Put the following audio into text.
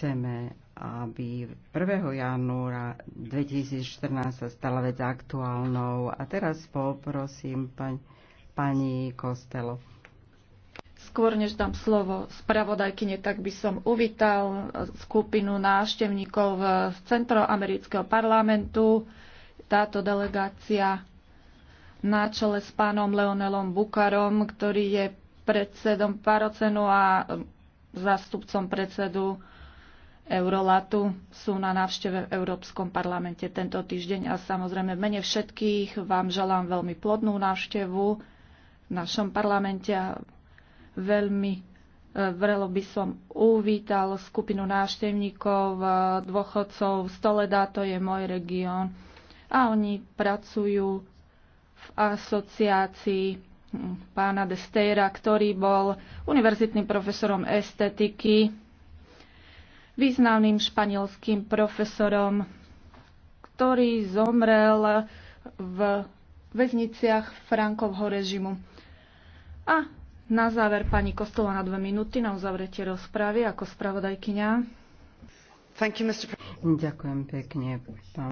Chceme, aby 1. januára 2014 sa stala vec aktuálnou. A teraz poprosím pani pani Kostelo. Skôr než dám slovo spravodajkyne, tak by som uvítal skupinu návštevníkov z Centroamerického parlamentu. Táto delegácia na čele s pánom Leonelom Bukarom, ktorý je predsedom Parocenu a zástupcom predsedu Eurolatu sú na návšteve v Európskom parlamente tento týždeň a samozrejme mene všetkých vám želám veľmi plodnú návštevu v našom parlamente a veľmi e, vrelo by som uvítal skupinu návštevníkov, e, dôchodcov, Stoleda, to je môj región a oni pracujú v asociácii hm, pána Destejra, ktorý bol univerzitným profesorom estetiky významným španielským profesorom, ktorý zomrel v väzniciach Frankovho režimu. A na záver pani Kostola na dve minúty na uzavretie rozpravy ako spravodajkyňa. You, Ďakujem pekne, pán